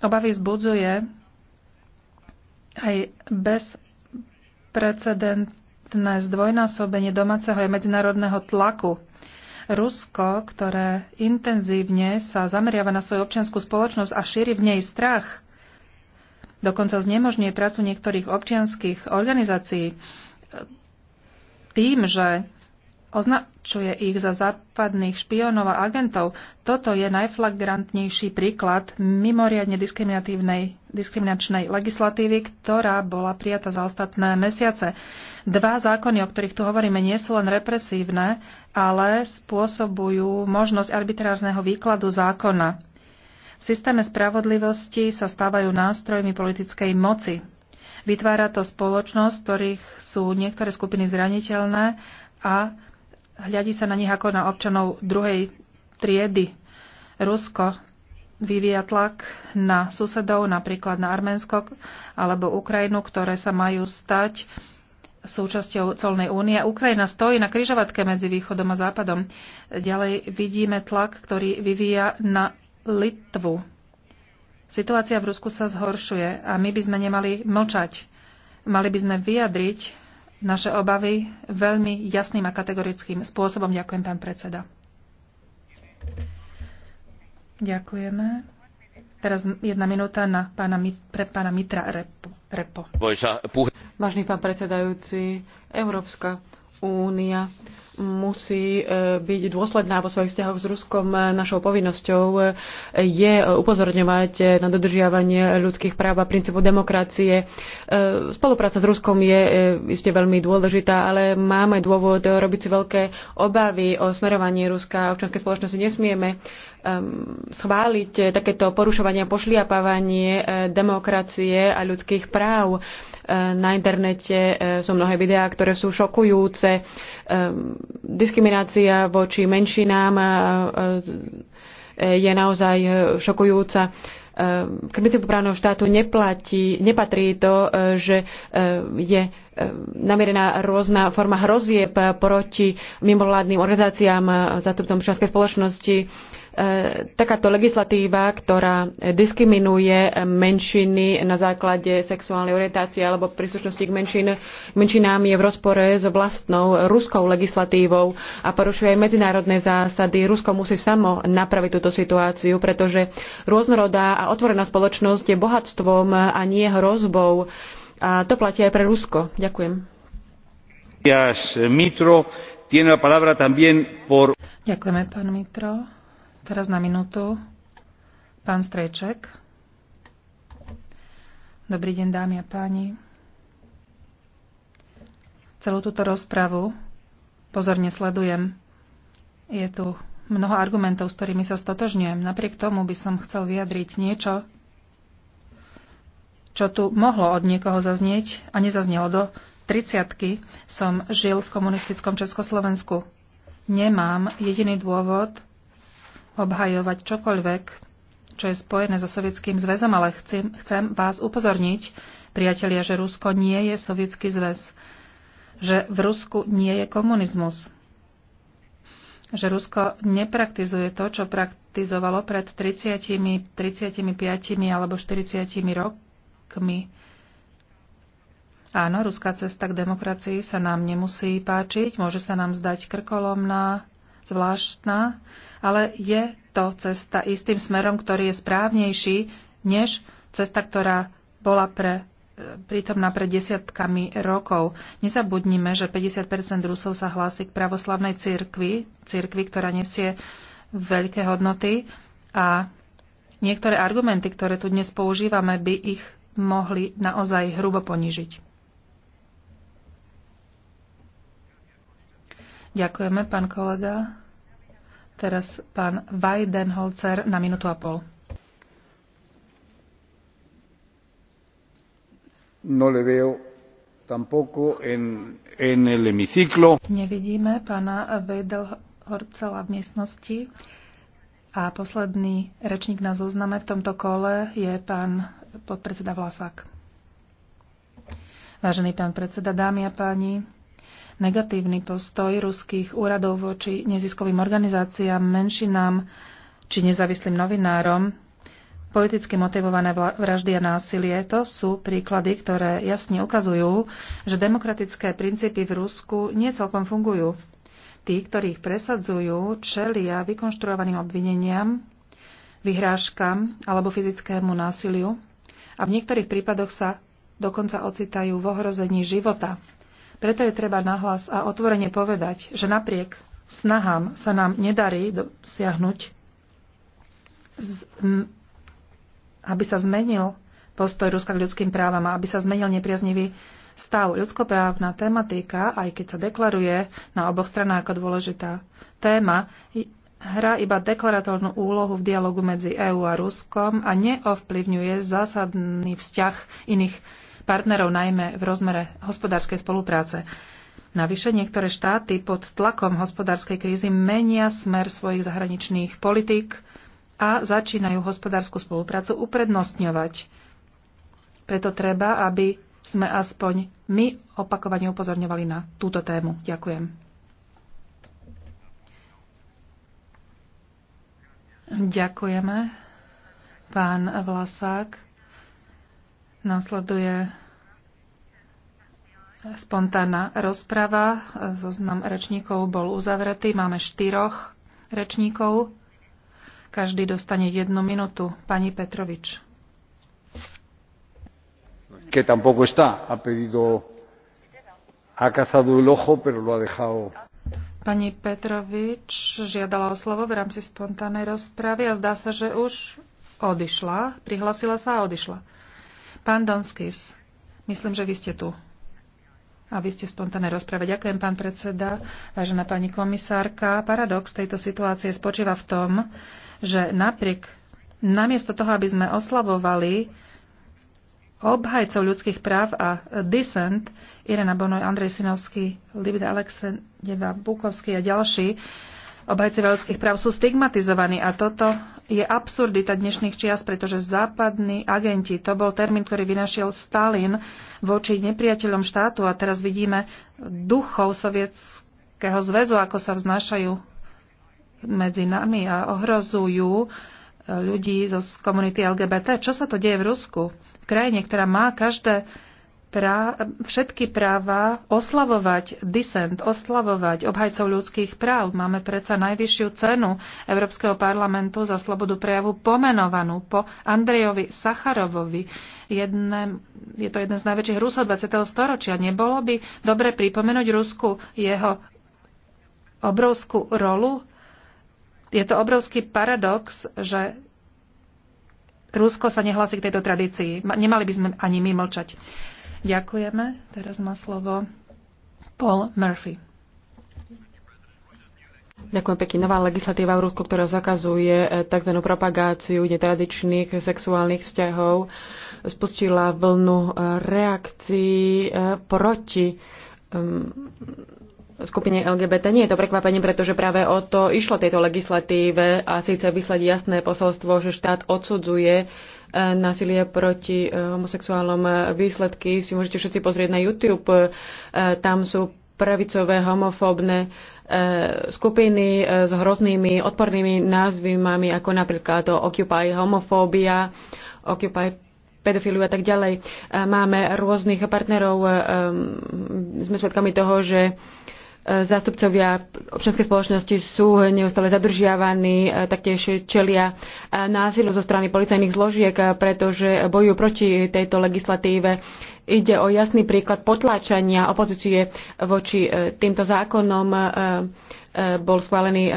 Obavy zbudzuje aj bezprecedentné zdvojnásobenie domáceho a medzinárodného tlaku. Rusko, ktoré intenzívne sa zameriava na svoju občianskú spoločnosť a šíri v nej strach, dokonca znemožňuje prácu niektorých občianských organizácií tým, že označuje ich za západných špionov a agentov. Toto je najflagrantnejší príklad mimoriadne diskriminačnej legislatívy, ktorá bola prijata za ostatné mesiace. Dva zákony, o ktorých tu hovoríme, nie sú len represívne, ale spôsobujú možnosť arbitrárneho výkladu zákona. V systéme spravodlivosti sa stávajú nástrojmi politickej moci. Vytvára to spoločnosť, v ktorých sú niektoré skupiny zraniteľné a hľadí sa na nich ako na občanov druhej triedy. Rusko vyvíja tlak na susedov, napríklad na Arménsko alebo Ukrajinu, ktoré sa majú stať súčasťou colnej únie. Ukrajina stojí na kryžovatke medzi východom a západom. Ďalej vidíme tlak, ktorý vyvíja na Litvu. Situácia v Rusku sa zhoršuje a my by sme nemali mlčať. Mali by sme vyjadriť naše obavy veľmi jasným a kategorickým spôsobom. Ďakujem, pán predseda. Ďakujeme. Teraz jedna minúta na pána, pre pána Mitra Repo. Repo. Vážny pán predsedajúci, Európska únia musí e, byť dôsledná vo svojich vzťahoch s Ruskom. E, našou povinnosťou e, je upozorňovať na dodržiavanie ľudských práv a princípu demokracie. Spolupráca s Ruskom je iste veľmi dôležitá, ale máme dôvod robiť si veľké obavy o smerovaní Ruska a občianskej spoločnosti. Nesmieme schváliť takéto porušovanie a pošliapávanie demokracie a ľudských práv. Na internete e, sú mnohé videá, ktoré sú šokujúce. E, diskriminácia voči menšinám e, je naozaj šokujúca k princípu právneho štátu neplatí, nepatrí to, že je namierená rôzna forma hrozieb proti mimovládnym organizáciám, zástupcom občianskej spoločnosti, E, takáto legislatíva, ktorá diskriminuje menšiny na základe sexuálnej orientácie alebo príslušnosti k menšin, menšinám je v rozpore so vlastnou ruskou legislatívou a porušuje aj medzinárodné zásady. Rusko musí samo napraviť túto situáciu, pretože rôznorodá a otvorená spoločnosť je bohatstvom a nie hrozbou. A to platí aj pre Rusko. Ďakujem. Ďakujeme, pán Mitro. Teraz na minútu pán Strejček. Dobrý deň, dámy a páni. Celú túto rozpravu pozorne sledujem. Je tu mnoho argumentov, s ktorými sa stotožňujem. Napriek tomu by som chcel vyjadriť niečo, čo tu mohlo od niekoho zaznieť a nezaznelo do 30 som žil v komunistickom Československu. Nemám jediný dôvod obhajovať čokoľvek, čo je spojené so Sovietským zväzom, ale chcem, chcem vás upozorniť, priatelia, že Rusko nie je Sovietský zväz, že v Rusku nie je komunizmus, že Rusko nepraktizuje to, čo praktizovalo pred 30, 35 alebo 40 rokmi. Áno, ruská cesta k demokracii sa nám nemusí páčiť, môže sa nám zdať krkolomná, zvláštna, ale je to cesta istým smerom, ktorý je správnejší než cesta, ktorá bola pre, e, prítomná pred desiatkami rokov. Nezabudnime, že 50 Rusov sa hlási k pravoslavnej cirkvi, cirkvi, ktorá nesie veľké hodnoty a niektoré argumenty, ktoré tu dnes používame, by ich mohli naozaj hrubo ponižiť. Ďakujeme, pán kolega. Teraz pán Weidenholzer na minútu a pol. No le veo tampoco en, en el hemiciclo. Nevidíme pána Weidenholzera v miestnosti. A posledný rečník na zozname v tomto kole je pán podpredseda Vlasák. Vážený pán predseda, dámy a páni, negatívny postoj ruských úradov voči neziskovým organizáciám, menšinám či nezávislým novinárom, politicky motivované vraždy a násilie, to sú príklady, ktoré jasne ukazujú, že demokratické princípy v Rusku nie celkom fungujú. Tí, ktorí ich presadzujú, čelia vykonštruovaným obvineniam, vyhrážkam alebo fyzickému násiliu a v niektorých prípadoch sa dokonca ocitajú v ohrození života. Preto je treba nahlas a otvorene povedať, že napriek snahám sa nám nedarí dosiahnuť, aby sa zmenil postoj Ruska k ľudským právam a aby sa zmenil nepriaznivý stav. Ľudskoprávna tematika, aj keď sa deklaruje na oboch stranách ako dôležitá téma, hrá iba deklaratórnu úlohu v dialogu medzi EÚ a Ruskom a neovplyvňuje zásadný vzťah iných partnerov, najmä v rozmere hospodárskej spolupráce. Navyše niektoré štáty pod tlakom hospodárskej krízy menia smer svojich zahraničných politík a začínajú hospodárskú spoluprácu uprednostňovať. Preto treba, aby sme aspoň my opakovane upozorňovali na túto tému. Ďakujem. Ďakujeme, pán Vlasák. Následuje spontánna rozprava. Zoznam rečníkov bol uzavretý. Máme štyroch rečníkov. Každý dostane jednu minútu. Pani Petrovič. Que tampoco está. Ha pedido... Ha cazado el ojo, pero lo ha dejado... Pani Petrovič žiadala o slovo v rámci spontánnej rozpravy a zdá sa, že už odišla. Prihlasila sa a odišla. Pán Donskis, myslím, že vy ste tu. A vy ste spontánne rozprave. Ďakujem, pán predseda, vážená pani komisárka. Paradox tejto situácie spočíva v tom, že napriek, namiesto toho, aby sme oslavovali obhajcov ľudských práv a Dissent, Irena Bonoj, Andrej Sinovský, Libida Alexejeva, Bukovský a ďalší, obhajcovia veľských práv sú stigmatizovaní a toto je absurdita dnešných čias, pretože západní agenti, to bol termín, ktorý vynašiel Stalin voči nepriateľom štátu a teraz vidíme duchov sovietského zväzu, ako sa vznášajú medzi nami a ohrozujú eh, ľudí zo komunity LGBT. Čo sa to deje v Rusku? V krajine, ktorá má každé Pra, všetky práva oslavovať disent, oslavovať obhajcov ľudských práv. Máme predsa najvyššiu cenu Európskeho parlamentu za slobodu prejavu pomenovanú po Andrejovi Sacharovovi. Jedne, je to jeden z najväčších Rusov 20. storočia. Nebolo by dobre pripomenúť Rusku jeho obrovskú rolu? Je to obrovský paradox, že Rusko sa nehlasí k tejto tradícii. Nemali by sme ani my mlčať. Ďakujeme. Teraz má slovo Paul Murphy. Ďakujem pekne. Nová legislatíva v Rusku, ktorá zakazuje eh, tzv. propagáciu netradičných sexuálnych vzťahov, spustila vlnu eh, reakcií eh, proti skupine LGBT. Nie je to prekvapenie, pretože práve o to išlo tejto legislatíve a síce vyslať jasné posolstvo, že štát odsudzuje e, násilie proti e, homosexuálom. Výsledky si môžete všetci pozrieť na YouTube. E, tam sú pravicové homofóbne skupiny s hroznými odpornými názvimami, ako napríklad Occupy homofóbia, Occupy pedofiliu a tak ďalej. Máme rôznych partnerov, sme svedkami toho, že zástupcovia občianskej spoločnosti sú neustále zadržiavaní, e, taktiež čelia e, násilu zo strany policajných zložiek, e, pretože bojujú proti tejto legislatíve. Ide o jasný príklad potláčania opozície voči týmto zákonom. Bol schválený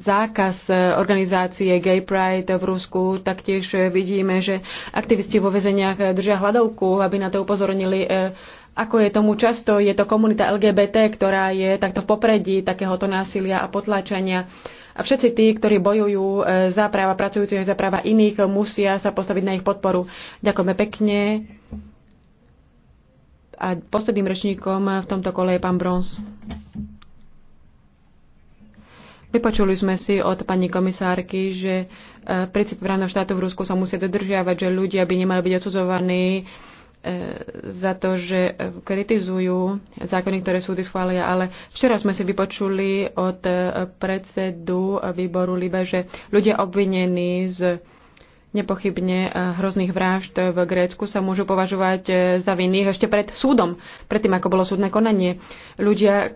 zákaz organizácie Gay Pride v Rusku. Taktiež vidíme, že aktivisti vo väzeniach držia hladovku, aby na to upozornili ako je tomu často, je to komunita LGBT, ktorá je takto v popredí takéhoto násilia a potláčania. A všetci tí, ktorí bojujú e, za práva pracujúcich a za práva iných, musia sa postaviť na ich podporu. Ďakujeme pekne. A posledným rečníkom v tomto kole je pán Brons. Vypočuli sme si od pani komisárky, že e, princíp právneho štátu v Rusku sa musia dodržiavať, že ľudia by nemali byť odsudzovaní za to, že kritizujú zákony, ktoré súdy schvália, ale včera sme si vypočuli od predsedu výboru Libe, že ľudia obvinení z nepochybne hrozných vražd v Grécku sa môžu považovať za vinných ešte pred súdom, predtým ako bolo súdne konanie. Ľudia,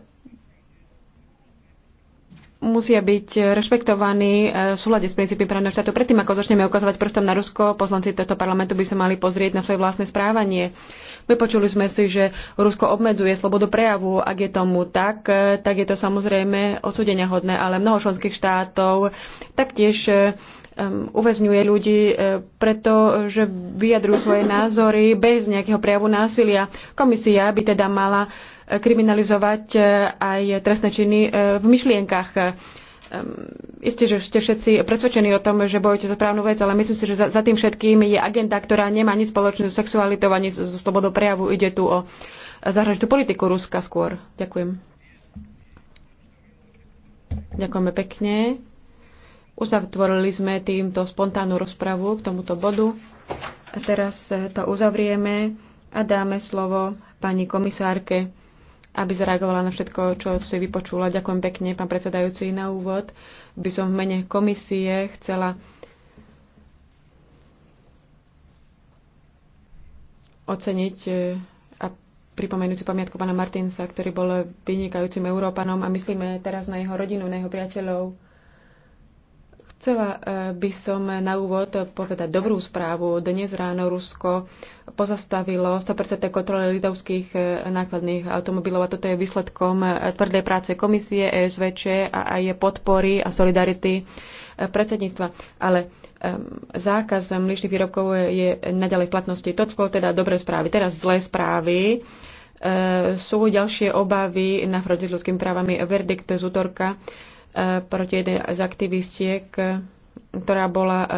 musia byť rešpektovaní e, v súlade s princípmi právneho štátu. Predtým, ako začneme ukazovať prstom na Rusko, poslanci tohto parlamentu by sa mali pozrieť na svoje vlastné správanie. Vypočuli sme si, že Rusko obmedzuje slobodu prejavu. Ak je tomu tak, e, tak je to samozrejme odsudenia hodné, ale mnoho členských štátov taktiež e, uväzňuje ľudí, pretože vyjadrujú svoje názory bez nejakého prejavu násilia. Komisia by teda mala kriminalizovať e, aj trestné činy e, v myšlienkach. E, isté, že ste všetci presvedčení o tom, že bojujete za správnu vec, ale myslím si, že za, tým všetkým je agenda, ktorá nemá nič spoločné so sexualitou ani so slobodou prejavu. Ide tu o zahraničnú politiku Ruska skôr. Ďakujem. Ďakujeme pekne. Uzatvorili sme týmto spontánnu rozpravu k tomuto bodu. A teraz to uzavrieme a dáme slovo pani komisárke aby zareagovala na všetko, čo si vypočula. Ďakujem pekne, pán predsedajúci, na úvod. By som v mene komisie chcela oceniť e, a pripomenúť si pamiatku pána Martinsa, ktorý bol vynikajúcim Európanom a myslíme teraz na jeho rodinu, na jeho priateľov, Chcela eh, by som na úvod povedať dobrú správu. Dnes ráno Rusko pozastavilo 100% kontroly litovských eh, nákladných automobilov a toto je výsledkom eh, tvrdej práce komisie ESVČ a aj podpory a solidarity predsedníctva. Ale zákaz mliečných výrobkov je naďalej v platnosti. To bolo teda dobré správy. Teraz zlé správy. Sú ďalšie obavy na fronte s ľudskými právami. Verdikt z útorka proti jednej z aktivistiek, ktorá bola e,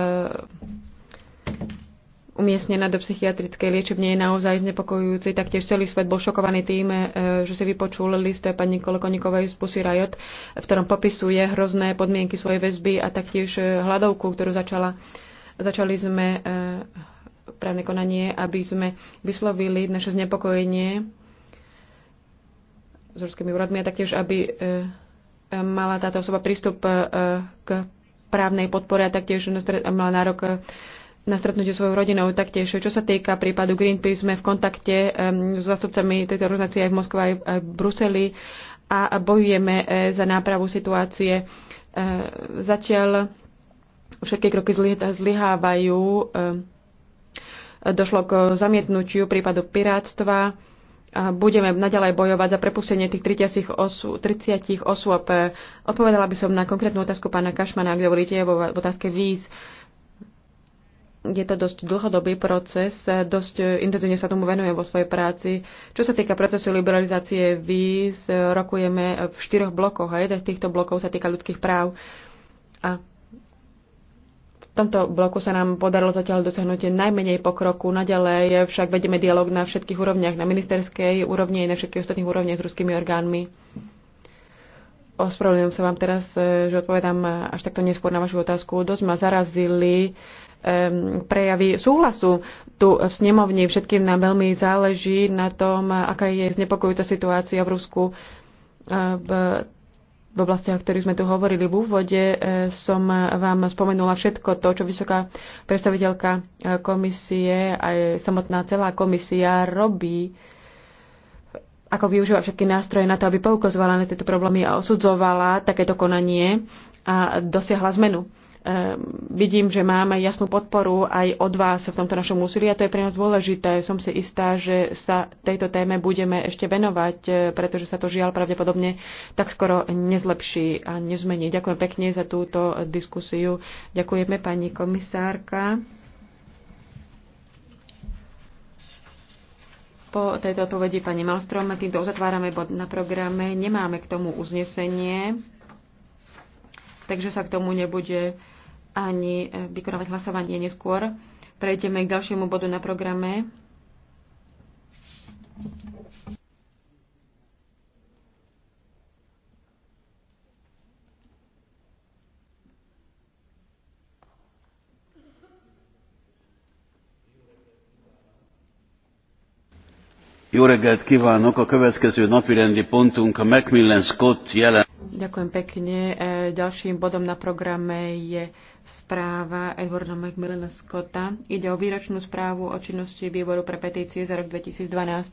umiestnená do psychiatrickej liečebne je naozaj znepokojujúci. Taktiež celý svet bol šokovaný tým, e, že si vypočul list pani Kolokonikovej z Pussy Riot, v ktorom popisuje hrozné podmienky svojej väzby a taktiež e, hľadovku, ktorú začala, začali sme právne konanie, aby sme vyslovili naše znepokojenie s ruskými úradmi a taktiež, aby mala táto osoba prístup e, k právnej podpore a taktiež mala nárok e, na stretnutie svojou rodinou. Taktiež, čo sa týka prípadu Greenpeace, sme v kontakte e, s zastupcami tejto organizácie aj v Moskve, aj v Bruseli a bojujeme za nápravu situácie. Zatiaľ všetky kroky zlyhávajú. Došlo k zamietnutiu prípadu pirátstva a budeme naďalej bojovať za prepustenie tých 30 osôb. 30 osôb. Odpovedala by som na konkrétnu otázku pána Kašmana, ak dovolíte, v otázke víz. Je to dosť dlhodobý proces, dosť intenzívne sa tomu venujem vo svojej práci. Čo sa týka procesu liberalizácie víz, rokujeme v štyroch blokoch a jeden z týchto blokov sa týka ľudských práv. A v tomto bloku sa nám podarilo zatiaľ dosiahnuť najmenej pokroku. Naďalej však vedeme dialog na všetkých úrovniach, na ministerskej úrovni aj na všetkých ostatných úrovniach s ruskými orgánmi. Ospravedlňujem sa vám teraz, e, že odpovedám až takto neskôr na vašu otázku. Dosť ma zarazili prejavy súhlasu tu v snemovni. Všetkým nám veľmi záleží na tom, aká je znepokojujúca situácia v Rusku. E, v oblastiach, o ktorých sme tu hovorili v úvode, e, som vám spomenula všetko to, čo vysoká predstaviteľka e, komisie, aj samotná celá komisia robí, ako využíva všetky nástroje na to, aby poukazovala na tieto problémy a osudzovala takéto konanie a dosiahla zmenu. Ehm, vidím, že máme jasnú podporu aj od vás v tomto našom úsilí a to je pre nás dôležité. Som si istá, že sa tejto téme budeme ešte venovať, e, pretože sa to žiaľ pravdepodobne tak skoro nezlepší a nezmení. Ďakujem pekne za túto diskusiu. Ďakujeme pani komisárka. Po tejto odpovedi pani Malstrom týmto uzatvárame bod na programe. Nemáme k tomu uznesenie, takže sa k tomu nebude ani e, vykonávať hlasovanie neskôr. Prejdeme k ďalšiemu bodu na programe. Jó reggelt kívánok! A következő napi rendi pontunk a Macmillan Scott jelen. Ďakujem pekne. E, ďalším bodom na programe je správa Edwarda McMillana Scotta. Ide o výročnú správu o činnosti výboru pre petície za rok 2012.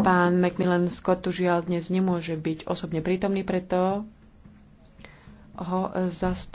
Pán Macmillan Scott tu žiaľ dnes nemôže byť osobne prítomný, preto ho zastupuje